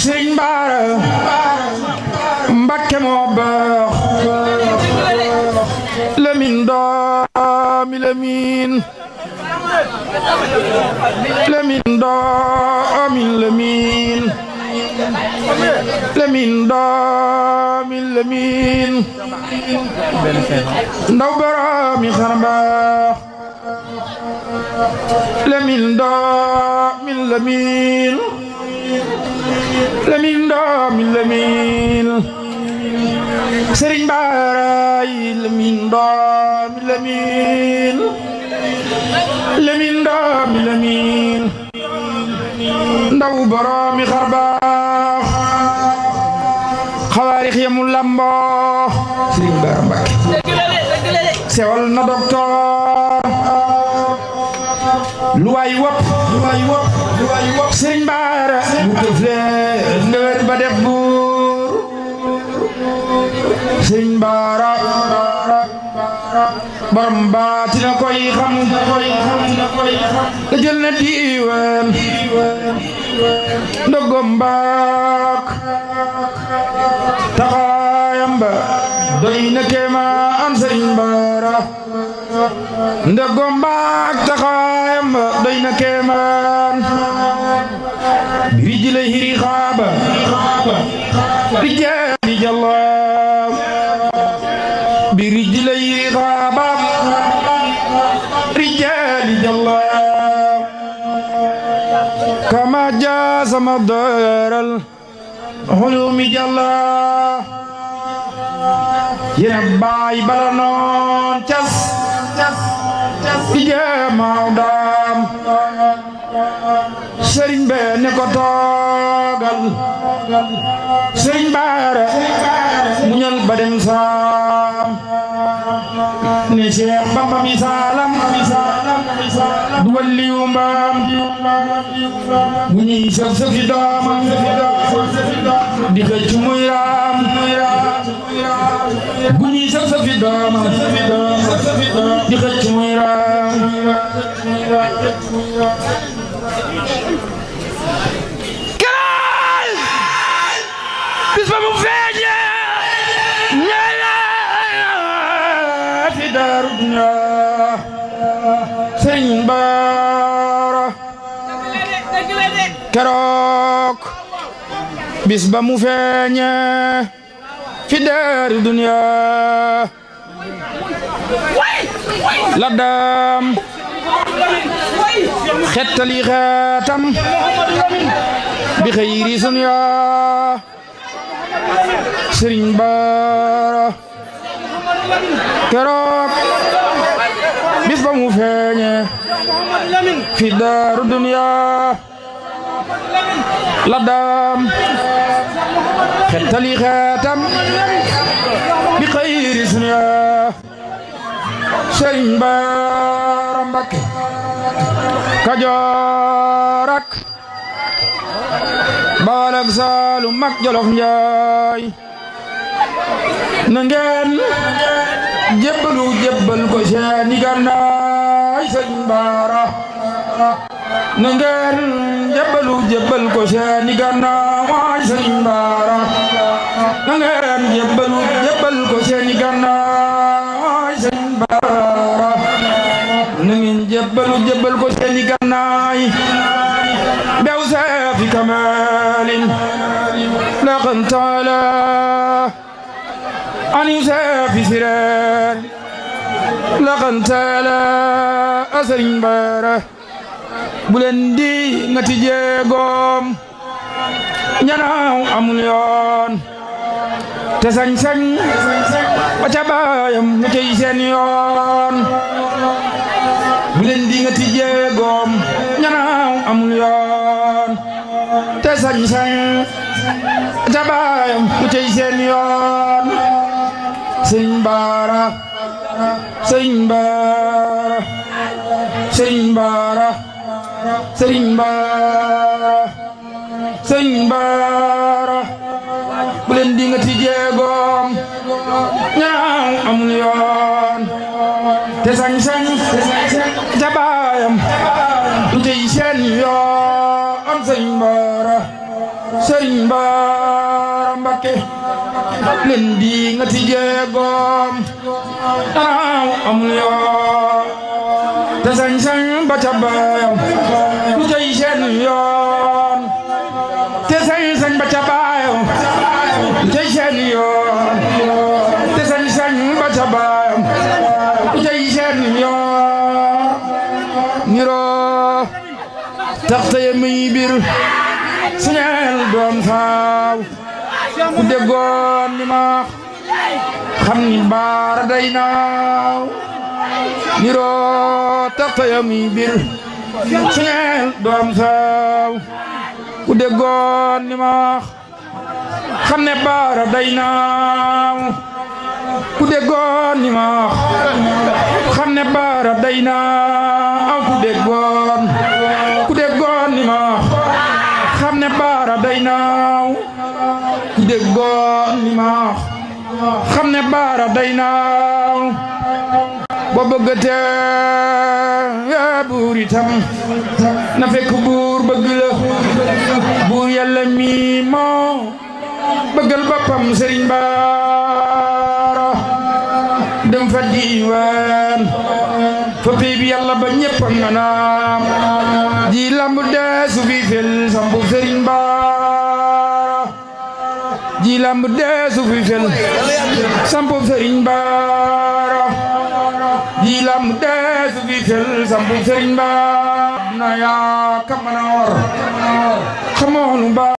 sëriñ Baara Mbakke moo baax Lamine doomi Lamine Lamine doomi Lamine Lamine doomi Lamine ndaw boromi xar baax Lamine doomi Lamine Lamine doomi Lamine Sëriñ Baara yi Lamine doomi Lamine Lamine doomi Lamine ndaw boroomi xarbaax xawaarix ya mu lamboo Sëriñ Baara Mbàkke sewal na docteur lu waay wopp lu waay wopp lu waay wopp Sëriñ Baara dara bu ko fee nawet na koy xam da jël na diiwaan ndogom baak doy na kéema am sëñ doy na kéema برجله رخاب رجال جلاب برجله رخاب رجال جلاب كما جاز مدار العلوم جلاب يرباي برنون جس جس جس يا مودام sëriñ be ne ko toogal sëriñ baara muñal ba dem saam ne Cheikh Bamba mi saalam du walliyu mbaam bu ñuy sëf sëfi doomam di xëcc bis ba mu feeñee ñeela fi daaru dunya sëñ Baara keroog mu feeñee fi daaru dunya la daam xettali xeetam bi xëyri sunya sëriñ baara keroog bis ba mu fi daaru duniya la daam xettali xeetam bi xayri sunya sëriñ baara mbakke kajoor ak Bawol ak Saalum mag Jolof Njaay na ngeen jébbalu jébbal ko seeni gannaay sëñ Baara na ngeen jébbalu ko seeni gannaay sëñ Baara na ngeen jébbalu jébbal ko seeni gannaay لقد تعالى عن يساف سرار لقد تعالى أسر باره بلندي نتيجيكم ñanaaw amul yoon te sañ-sañ ba ca baayam mu cay seen yoon bu nga tijjee goom ñanaaw amul yoon sañ-sañ ku cey seen yoon sëñ baara sëñ baara sëñ baara sëñ baara sëñ ñaaw amul yoon te sañ-sañ leen di nga ti jeegoom daraaw amul yoo te sañ-sañ ba ca baayam du cay seen yoon te sañ-sañ ba ca baayam du cay seen yoon te sañ-sañ ba ca baayam du cay seen yoon niroo tax tey muy bir suñeel doom saaw ku déggoon li ma xam ni baara day naaw niroo taxtayam yi bir singeel doom saaw ku déggoon li ma xam ne baara day ku déggoon li ma xam ne baara day ku déggoon góor li ma xam ne baara day na fekk buur bëgg la buur yàlla mi moo bëggal boppam sëriñ baara dem fa diiwaan fa pay bi yàlla ba ñëpp a nga dee su fi fel sambu sëriñ baara ci lamb deesu fi fen samp sëriñ baara ji lamb deesu fi fen samp sëriñ